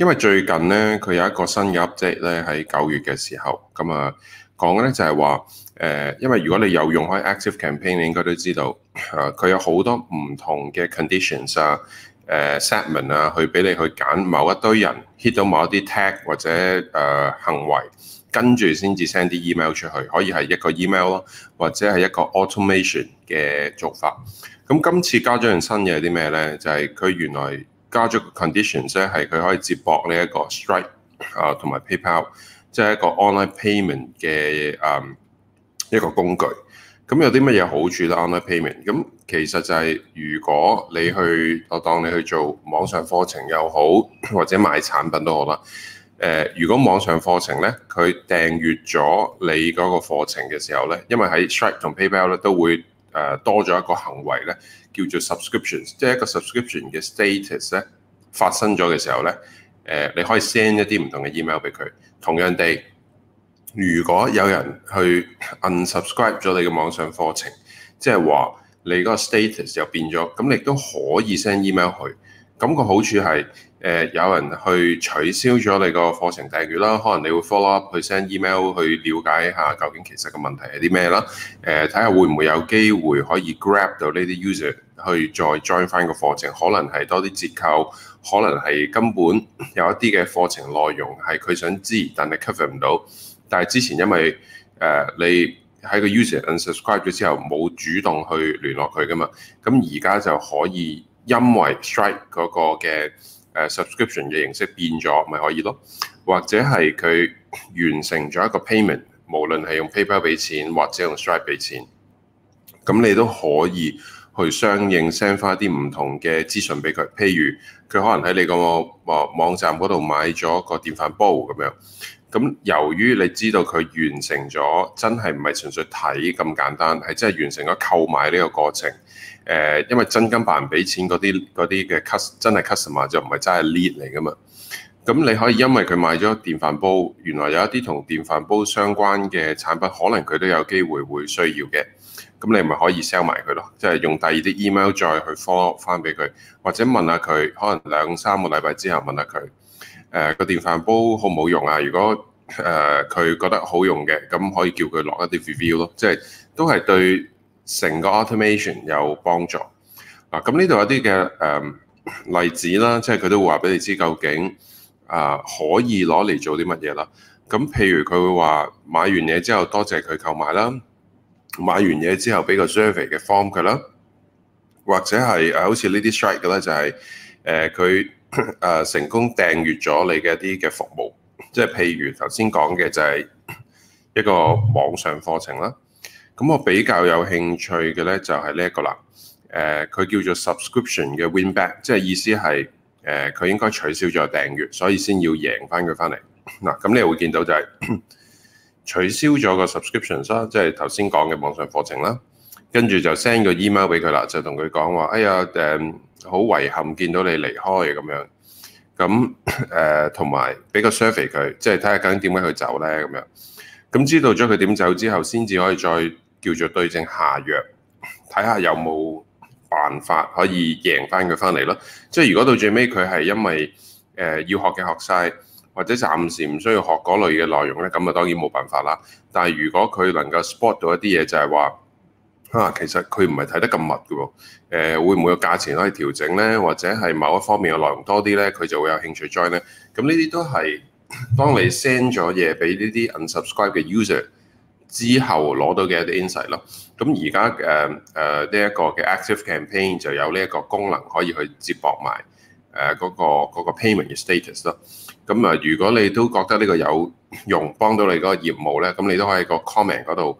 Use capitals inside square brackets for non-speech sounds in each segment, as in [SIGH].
因為最近咧，佢有一個新嘅 update 咧，喺九月嘅時候，咁啊講嘅咧就係話，誒、呃，因為如果你有用開 active campaign，你應該都知道，佢有好多唔同嘅 conditions 啊、誒、啊呃、segment 啊，去俾你去揀某一堆人 hit 到某一啲 tag 或者誒、呃、行為，跟住先至 send 啲 email 出去，可以係一個 email 咯、啊，或者係一個 automation 嘅做法。咁今次加咗樣新嘢係啲咩咧？就係、是、佢原來。加咗個 conditions 咧，係佢可以接駁呢一個 Stripe 啊，同埋 PayPal，即係一個 online payment 嘅一個工具。咁有啲乜嘢好處咧？online payment 咁其實就係如果你去，我當你去做網上課程又好，或者賣產品都好啦。誒、呃，如果網上課程咧，佢訂閱咗你嗰個課程嘅時候咧，因為喺 Stripe 同 PayPal 咧都會。誒多咗一個行為咧，叫做 subscriptions，即係一個 subscription 嘅 status 咧發生咗嘅時候咧，誒你可以 send 一啲唔同嘅 email 俾佢。同樣地，如果有人去 unsubscribe 咗你嘅網上課程，即係話你個 status 又變咗，咁你都可以 send email 去。咁個好處係。誒、呃、有人去取消咗你個課程訂閱啦，可能你會 follow up 去 send email 去了解下究竟其實嘅問題係啲咩啦。誒睇下會唔會有機會可以 grab 到呢啲 user 去再 join 翻個課程，可能係多啲折扣，可能係根本有一啲嘅課程內容係佢想知，但係 cover 唔到。但係之前因為誒、呃、你喺個 user unsubscribe 咗之後冇主動去聯絡佢噶嘛，咁而家就可以因為 Stripe 嗰個嘅。誒 subscription 嘅形式變咗，咪可以咯，或者係佢完成咗一個 payment，無論係用 PayPal 俾錢或者用 Stripe 俾錢，咁你都可以去相應 send 翻啲唔同嘅資訊俾佢，譬如佢可能喺你個網站嗰度買咗個電飯煲咁樣。咁由於你知道佢完成咗，真係唔係純粹睇咁簡單，係真係完成咗購買呢個過程。誒、呃，因為真金白銀俾錢嗰啲啲嘅 cus 真係 customer 就唔係真係 lead 嚟㗎嘛。咁你可以因為佢買咗電飯煲，原來有一啲同電飯煲相關嘅產品，可能佢都有機會會需要嘅。咁你咪可以 sell 埋佢咯，即、就、係、是、用第二啲 email 再去 follow 翻俾佢，或者問下佢，可能兩三個禮拜之後問下佢。誒個、呃、電飯煲好唔好用啊？如果誒佢、呃、覺得好用嘅，咁可以叫佢落一啲 review 咯，即係都係對成個 automation 有幫助。嗱、啊、咁呢度有啲嘅誒例子啦，即係佢都會話俾你知究竟啊可以攞嚟做啲乜嘢啦。咁譬如佢會話買完嘢之後多謝佢購買啦，買完嘢之後俾個 survey 嘅 form 佢啦，或者係誒、啊、好似呢啲 a d short 嘅咧就係、是。誒佢誒成功訂閲咗你嘅一啲嘅服務，即係譬如頭先講嘅就係一個網上課程啦。咁我比較有興趣嘅咧就係呢一個啦。誒、呃、佢叫做 subscription 嘅 winback，即係意思係誒佢應該取消咗訂閲，所以先要贏翻佢翻嚟嗱。咁、啊、你會見到就係、是、 [COUGHS] 取消咗個 subscription 啦，即係頭先講嘅網上課程啦。跟住就 send 個 email 俾佢啦，就同佢講話，哎呀，誒，好遺憾見到你離開咁樣，咁誒，同埋俾個 survey 佢，即係睇下究竟點解佢走咧咁樣。咁、嗯、知道咗佢點走之後，先至可以再叫做對症下藥，睇下有冇辦法可以贏翻佢翻嚟咯。即係如果到最尾佢係因為誒、呃、要學嘅學晒，或者暫時唔需要學嗰類嘅內容咧，咁啊當然冇辦法啦。但係如果佢能夠 spot 到一啲嘢，就係話。啊，其實佢唔係睇得咁密嘅喎，啊，誒會唔會有價錢可以調整咧？或者係某一方面嘅內容多啲咧，佢就會有興趣 join 咧。咁呢啲都係當你 send 咗嘢俾呢啲 unsubscribe 嘅 user 之後攞到嘅一啲 insight 咯。咁而家誒誒呢一個嘅 active campaign 就有呢一個功能可以去接駁埋誒嗰個 payment 嘅 status 咯。咁啊，如果你都覺得呢個有用，幫到你嗰個業務咧，咁你都可以個 comment 嗰度。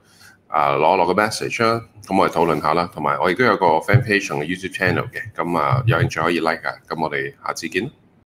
啊，攞一攞個 message 啦，咁、啊、我哋討論一下啦。同埋我亦都有個 fan page 同 YouTube channel 嘅，咁啊有興趣可以 like 啊。咁我哋下次見。